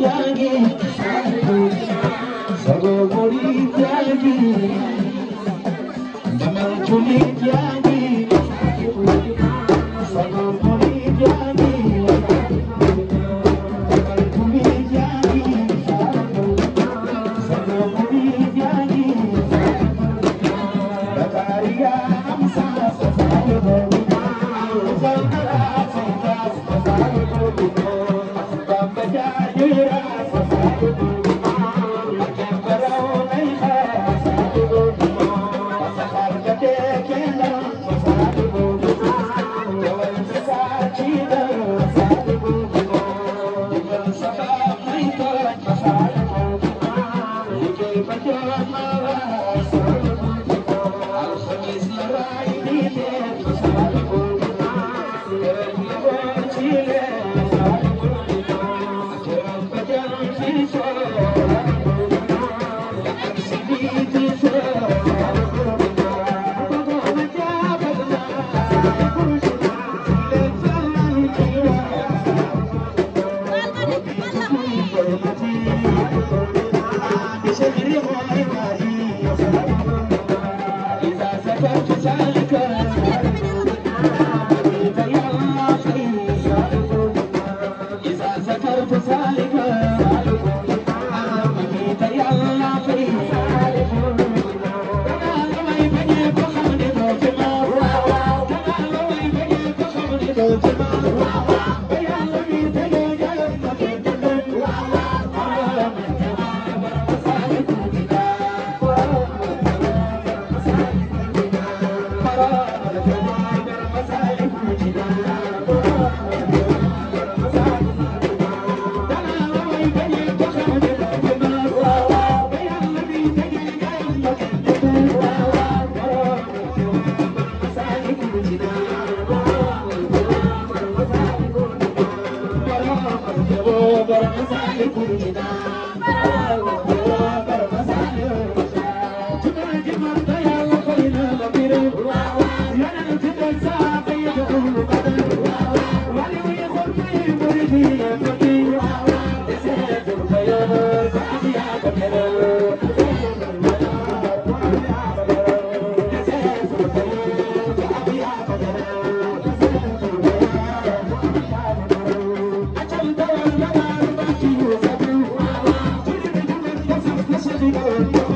त्यागे सगळं गोडी त्यागी दमन चुली त्यागी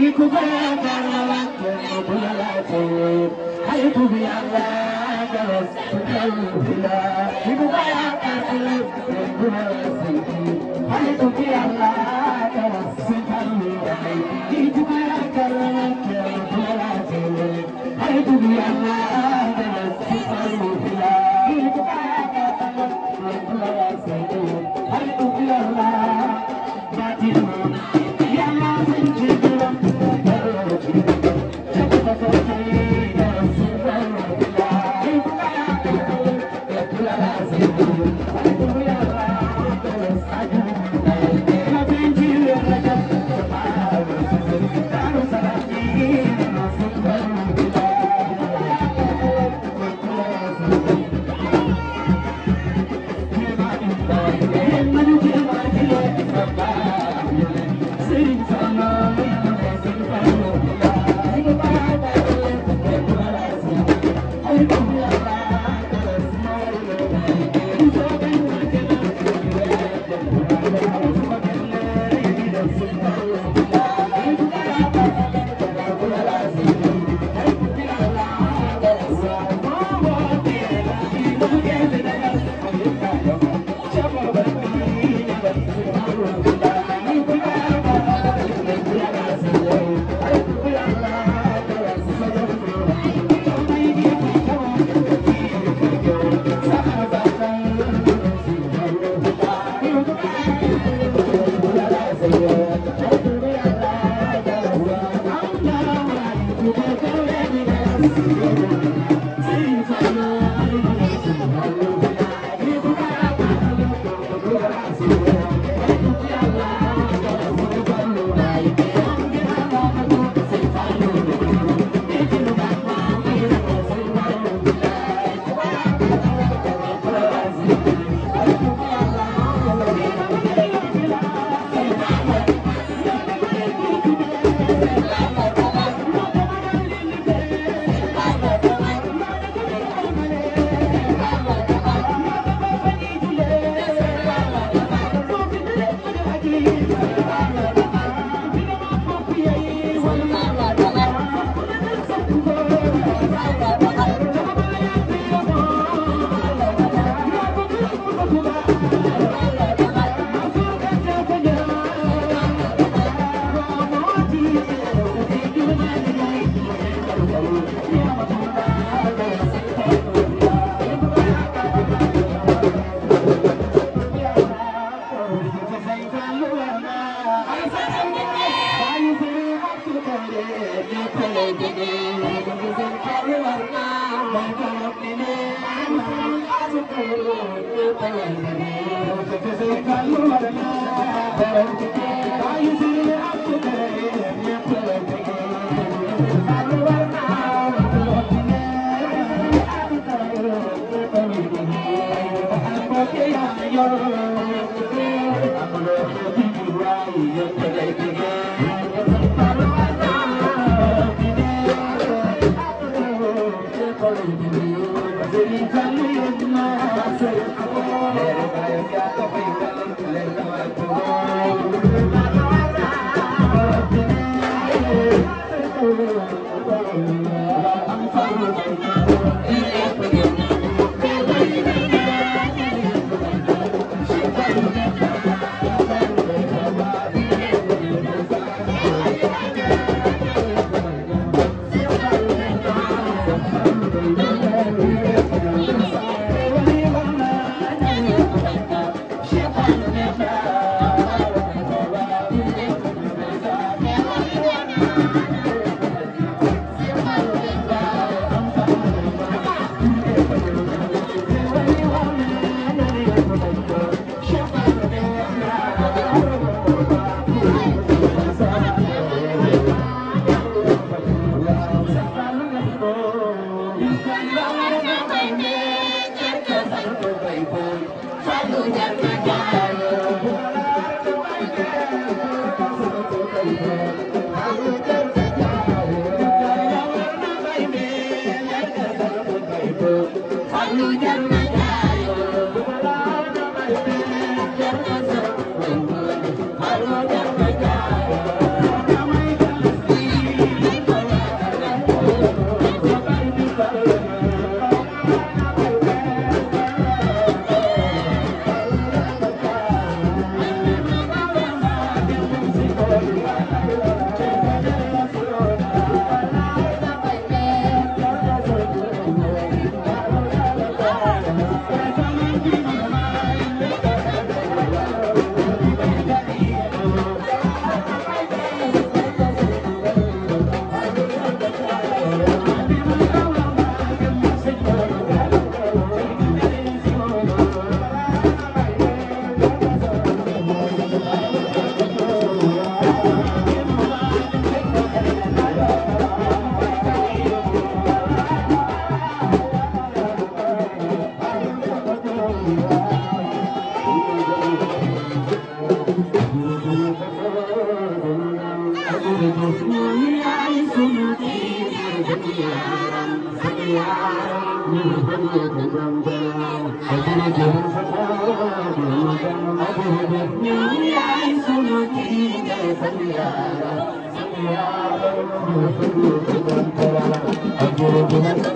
فيك فاك روات مبلغات حيث بأعلاك وسبحانه لا فيك فاك قلب ربنا سيدي حيث بأعلاك وسبحانه فيك فاك روات مبلغات حيث بأعلاك وسبحانه Yeah. Hallelujah. رب يا سلوكي يا رب يا رب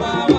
waaw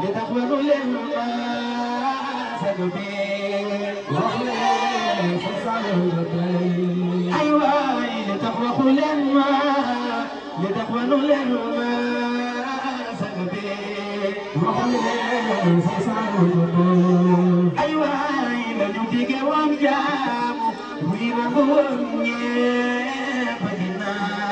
li tax ba lu leen xalaat lu dee wax leen fa sàmm ba tey aywa li tax waxu leen ma li tax ba lu leen xalaat lu dee wax leen fa sàmm ba tey aywa la ñu dige woon jaamu wii ma ko woon ñëpp dinaa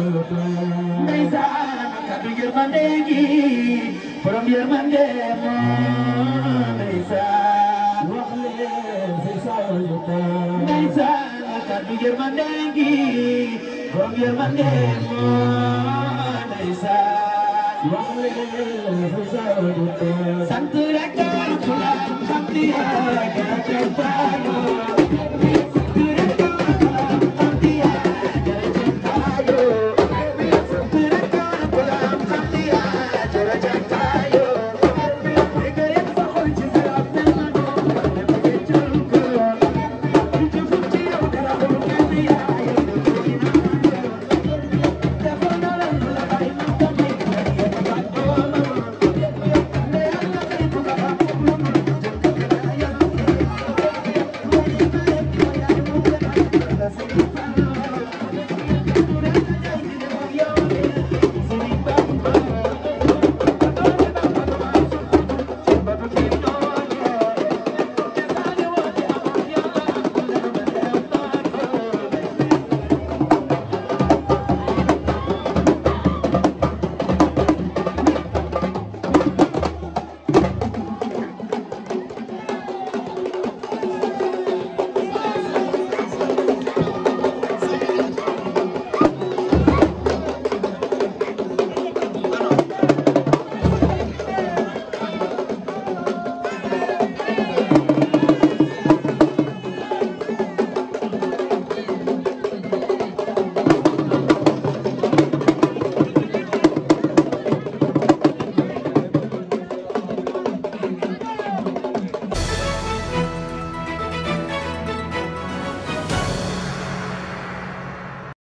ndeysaan kaddu yërmande gi borom yërmande moom ndeysaan wax leen si saluta ndeysaan kaddu yërmande gi borom yërmande moom ndeysaan wax leen si saluta sant rek la xam ni